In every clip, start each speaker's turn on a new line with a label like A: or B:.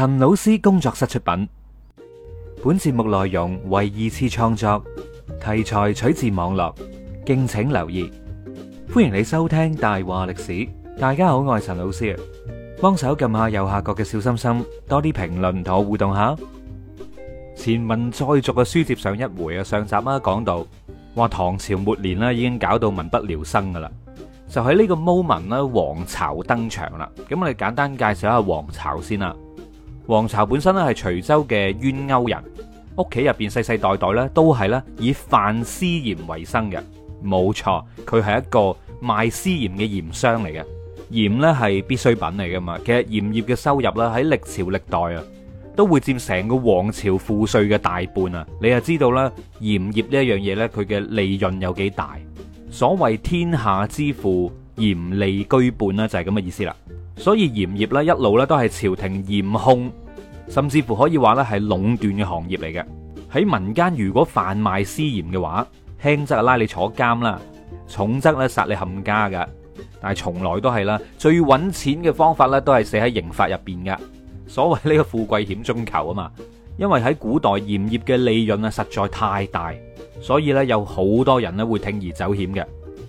A: 陳老師工作室出品，本節目內容為二次創作，題材取自網絡，敬請留意。歡迎你收聽《大話歷史》，大家好，我係陳老師。幫手撳下右下角嘅小心心，多啲評論同我互動下。前文再續嘅書接上一回啊，上集啊講到話唐朝末年啦，已經搞到民不聊生噶啦。就喺呢個 moment 啦，黃巢登場啦。咁我哋簡單介紹一下黃巢先啦。黃巢本身咧係徐州嘅冤勾人，屋企入邊世世代代咧都係咧以販私鹽為生嘅。冇錯，佢係一個賣私鹽嘅鹽商嚟嘅。鹽咧係必需品嚟噶嘛，其實鹽業嘅收入咧喺歷朝歷代啊都會佔成個王朝賦稅嘅大半啊，你又知道啦，鹽業呢一樣嘢，咧佢嘅利潤有幾大？所謂天下之賦鹽利居半啦，就係咁嘅意思啦。所以鹽業咧一路咧都係朝廷嚴控。甚至乎可以話咧係壟斷嘅行業嚟嘅，喺民間如果販賣私鹽嘅話，輕則拉你坐監啦，重則咧殺你冚家噶。但係從來都係啦，最搵錢嘅方法咧都係寫喺刑法入邊噶。所謂呢個富貴險中求啊嘛，因為喺古代鹽業嘅利潤啊實在太大，所以呢，有好多人咧會鋌而走險嘅，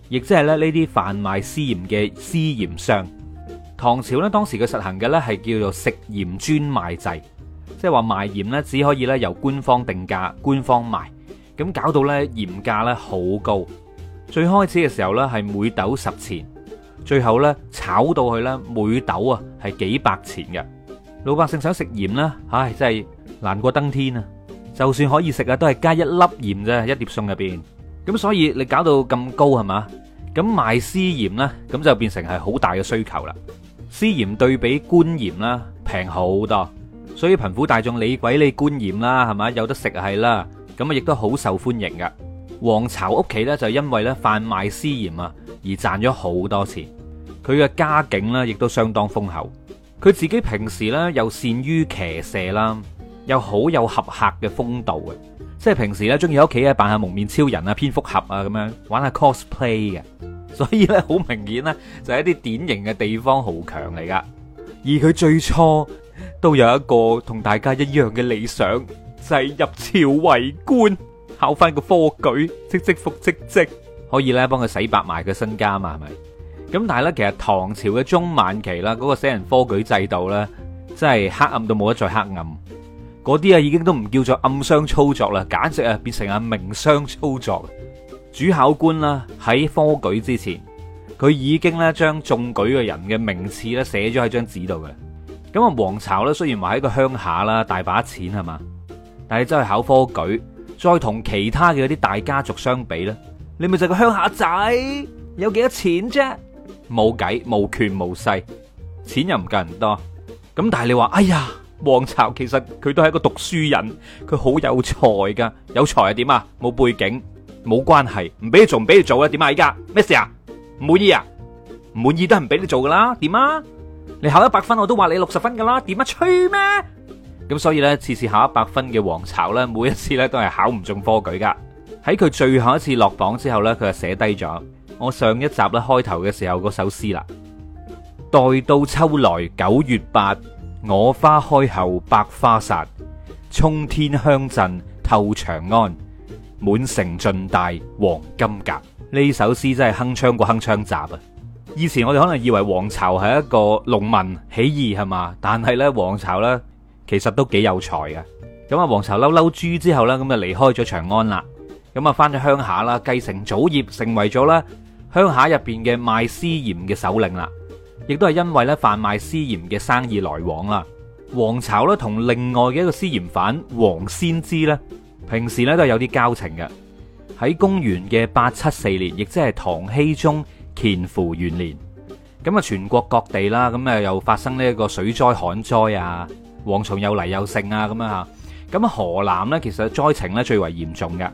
A: 亦即係咧呢啲販賣私鹽嘅私鹽商。唐朝咧，當時佢實行嘅咧係叫做食鹽專賣制，即係話賣鹽咧只可以咧由官方定價、官方賣，咁搞到咧鹽價咧好高。最開始嘅時候咧係每斗十錢，最後咧炒到去咧每斗啊係幾百錢嘅。老百姓想食鹽咧，唉真係難過登天啊！就算可以食啊，都係加一粒鹽啫，一碟餸入邊。咁所以你搞到咁高係嘛？咁賣私鹽咧，咁就變成係好大嘅需求啦。私鹽對比官鹽啦，平好多，所以貧苦大眾理鬼你官鹽啦，係咪有得食係啦，咁啊亦都好受歡迎㗎。黃巢屋企咧就因為咧販賣私鹽啊而賺咗好多錢，佢嘅家境呢，亦都相當豐厚。佢自己平時咧又善於騎射啦，又好有俠客嘅風度嘅，即係平時咧中意喺屋企啊扮下蒙面超人啊、蝙蝠俠啊咁樣玩下 cosplay 嘅。所以咧，好明顯咧，就係一啲典型嘅地方豪強嚟噶而佢最初都有一個同大家一樣嘅理想，就係入朝為官，考翻個科舉，即即複即即，可以咧幫佢洗白埋個身家嘛，係咪？咁但係咧，其實唐朝嘅中晚期啦，嗰個死人科舉制度咧，真係黑暗到冇得再黑暗。嗰啲啊，已經都唔叫做暗箱操作啦，簡直啊變成啊明箱操作。主考官啦，喺科舉之前，佢已經咧將中舉嘅人嘅名次咧寫咗喺張紙度嘅。咁啊，黃巢咧雖然話喺個鄉下啦，大把錢係嘛，但係真係考科舉，再同其他嘅啲大家族相比咧， 你咪就係個鄉下仔，有幾多錢啫？冇計，無權無勢，錢又唔夠人多。咁但係你話，哎呀，黃巢其實佢都係一個讀書人，佢好有才㗎，有才係點啊？冇背景。冇關係，唔俾你做唔俾你做啦，點啊？依家咩事啊？唔滿意啊？唔滿意都唔俾你做噶啦，點啊？你考一百分我都話你六十分噶啦，點啊？吹咩？咁所以呢，次次考一百分嘅黃巢呢，每一次呢都係考唔中科舉噶。喺佢最後一次落榜之後呢，佢就寫低咗我上一集咧開頭嘅時候嗰首詩啦。待到秋來九月八，我花開後百花殺，沖天香陣透長安。滿城盡帶黃金甲，呢首詩真係鏗鏘過鏗鏘集啊！以前我哋可能以為黃巢係一個農民起義係嘛，但係呢，黃巢呢，其實都幾有才啊。咁啊，黃巢嬲嬲豬之後呢，咁就離開咗長安啦，咁啊返咗鄉下啦，繼承祖業，成為咗咧鄉下入邊嘅賣私鹽嘅首領啦。亦都係因為呢，販賣私鹽嘅生意來往啦，黃巢呢，同另外嘅一個私鹽販王仙芝呢。平時咧都有啲交情嘅。喺公元嘅八七四年，亦即係唐僖宗乾符元年，咁啊全國各地啦，咁啊又發生呢一個水災旱災啊，蝗蟲又嚟又盛啊咁啊。咁河南呢，其實災情呢，最為嚴重嘅，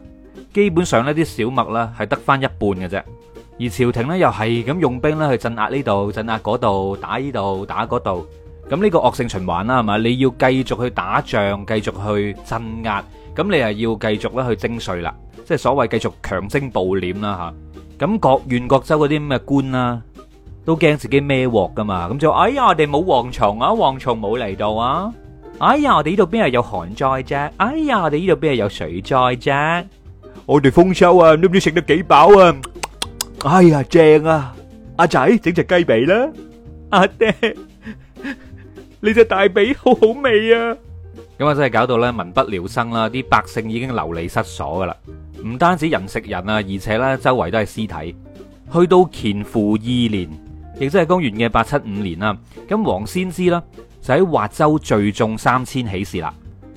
A: 基本上呢啲小麥呢，係得翻一半嘅啫。而朝廷呢，又係咁用兵呢，去鎮壓呢度、鎮壓嗰度、打呢度、打嗰度。咁呢個惡性循環啦，係嘛？你要繼續去打仗，繼續去鎮壓，咁你又要繼續咧去徵稅啦，即係所謂繼續強徵暴斂啦吓。咁各縣各州嗰啲咁嘅官啦，都驚自己孭鑊噶嘛？咁就哎呀，我哋冇蝗蟲啊，蝗蟲冇嚟到啊。哎呀，我哋呢度邊係有旱災啫。哎呀，我哋呢度邊係有水災啫。我哋豐收啊，你都唔知食得幾飽啊？哎呀，正啊，阿仔整隻雞髀啦，阿爹。你隻大髀好好味啊！咁啊，真係搞到咧民不聊生啦，啲百姓已經流離失所噶啦。唔單止人食人啊，而且咧周圍都係屍體。去到乾符二年，亦即係公元嘅八七五年啦。咁王仙芝啦就喺滑州聚眾三千起事啦。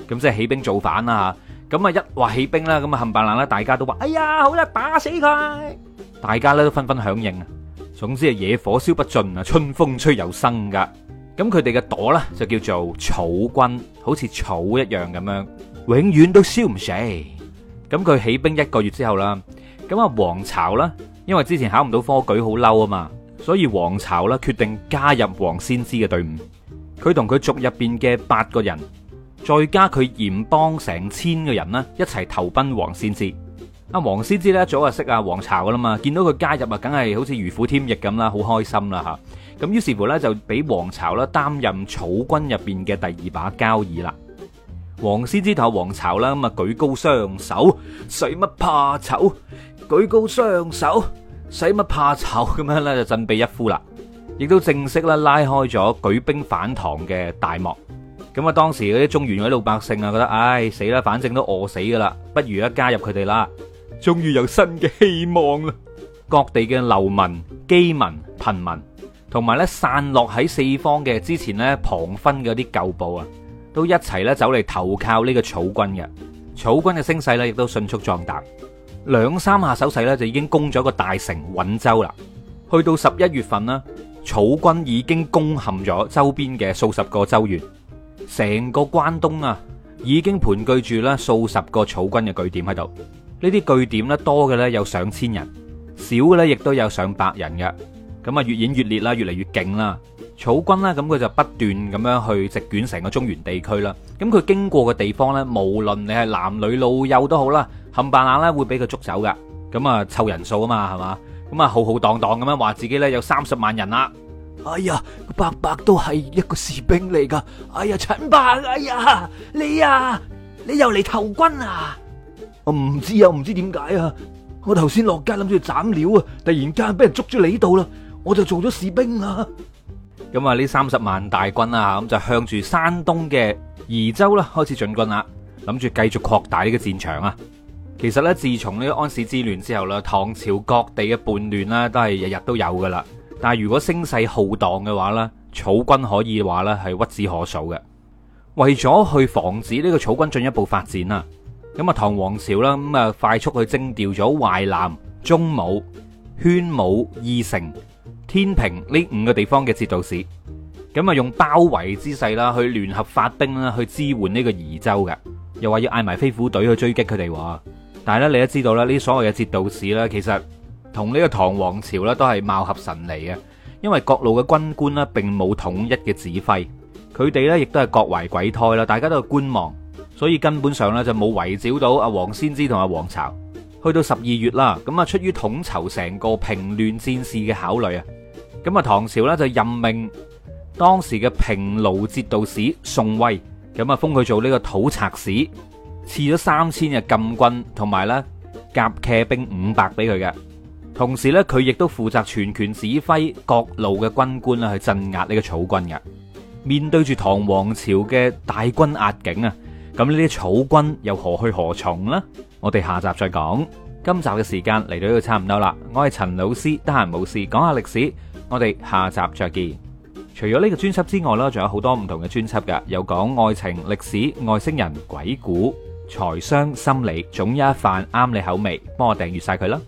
A: 咁即係起兵造反啦吓。咁啊一話起兵啦，咁啊冚唪唥啦，大家都話：哎呀，好啦，打死佢！大家咧都紛紛響應。總之係野火燒不盡啊，春風吹又生噶。咁佢哋嘅朵呢，就叫做草軍，好似草一樣咁樣，永遠都燒唔死。咁佢起兵一個月之後啦，咁啊黃巢呢，因為之前考唔到科舉，好嬲啊嘛，所以黃巢呢，決定加入王仙芝嘅隊伍。佢同佢族入邊嘅八個人，再加佢鹽幫成千嘅人啦，一齊投奔王仙芝。阿王仙芝呢，早就識阿黃巢噶啦嘛，見到佢加入啊，梗係好似如虎添翼咁啦，好開心啦、啊、吓。咁於是乎咧，就俾黃巢啦擔任草軍入邊嘅第二把交椅啦。王仙芝同阿黃巢啦，咁啊舉高雙手，使乜怕醜？舉高雙手，使乜怕醜？咁樣咧就振臂一呼啦，亦都正式啦拉開咗舉兵反唐嘅大幕。咁啊，當時嗰啲中原嗰啲老百姓啊，覺得唉死啦，反正都餓死噶啦，不如咧加入佢哋啦，終於有新嘅希望啦。各地嘅流民、飢民、貧民，同埋咧，散落喺四方嘅之前咧，龐勛嘅啲舊部啊，都一齊咧走嚟投靠呢個草軍嘅，草軍嘅聲勢咧亦都迅速壯大。兩三下手勢咧，就已經攻咗個大城鄆州啦。去到十一月份呢，草軍已經攻陷咗周邊嘅數十個州縣，成個關東啊，已經盤踞住啦數十個草軍嘅據點喺度。呢啲據點咧，多嘅咧有上千人，少嘅咧亦都有上百人嘅。咁啊，越演越烈啦，越嚟越勁啦，草軍咧，咁佢就不斷咁樣去直捲成個中原地區啦。咁佢經過嘅地方咧，無論你係男女老幼都好啦，冚唪唥咧會俾佢捉走噶。咁啊，湊人數啊嘛，係嘛？咁啊，浩浩蕩蕩咁樣話自己咧有三十萬人啦。哎呀，伯伯都係一個士兵嚟噶。哎呀，陳伯，哎呀，你啊，你又嚟投軍啊？我唔知啊，唔知點解啊。我頭先落街諗住斬料啊，突然間俾人捉咗嚟到啦。我就做咗士兵啦。咁啊，呢三十萬大軍啦，咁就向住山東嘅沂州啦開始進軍啦，諗住繼續擴大呢個戰場啊。其實呢，自從呢個安史之亂之後啦，唐朝各地嘅叛亂呢，都係日日都有噶啦。但係如果聲勢浩蕩嘅話呢，草軍可以話呢係屈指可數嘅。為咗去防止呢個草軍進一步發展啊，咁啊，唐王朝啦咁啊，快速去徵調咗淮南、忠武、宣武、義成。天平呢五個地方嘅節度使，咁啊，用包圍之勢啦，去聯合發兵啦，去支援呢個宜州嘅，又話要嗌埋飛虎隊去追擊佢哋話。但係咧，你都知道啦，呢啲所謂嘅節度使呢，其實同呢個唐王朝呢都係貌合神離嘅，因為各路嘅軍官呢並冇統一嘅指揮，佢哋呢亦都係各懷鬼胎啦，大家都係觀望，所以根本上呢就冇圍剿到阿黃仙芝同阿黃巢。去到十二月啦，咁啊，出於統籌成個平亂戰事嘅考慮啊，咁啊，唐朝呢，就任命當時嘅平盧節度使宋威，咁啊封佢做呢個討賊使，賜咗三千嘅禁軍同埋咧甲騎兵五百俾佢嘅，同時呢，佢亦都負責全權指揮各路嘅軍官啦去鎮壓呢個草軍嘅。面對住唐王朝嘅大軍壓境啊，咁呢啲草軍又何去何從呢？我哋下集再講，今集嘅時間嚟到呢度差唔多啦。我係陳老師，得閒冇事講下歷史。我哋下集再見。除咗呢個專輯之外呢，仲有好多唔同嘅專輯噶，有講愛情、歷史、外星人、鬼故、財商、心理，總有一瓣啱你口味。幫我訂閱晒佢啦。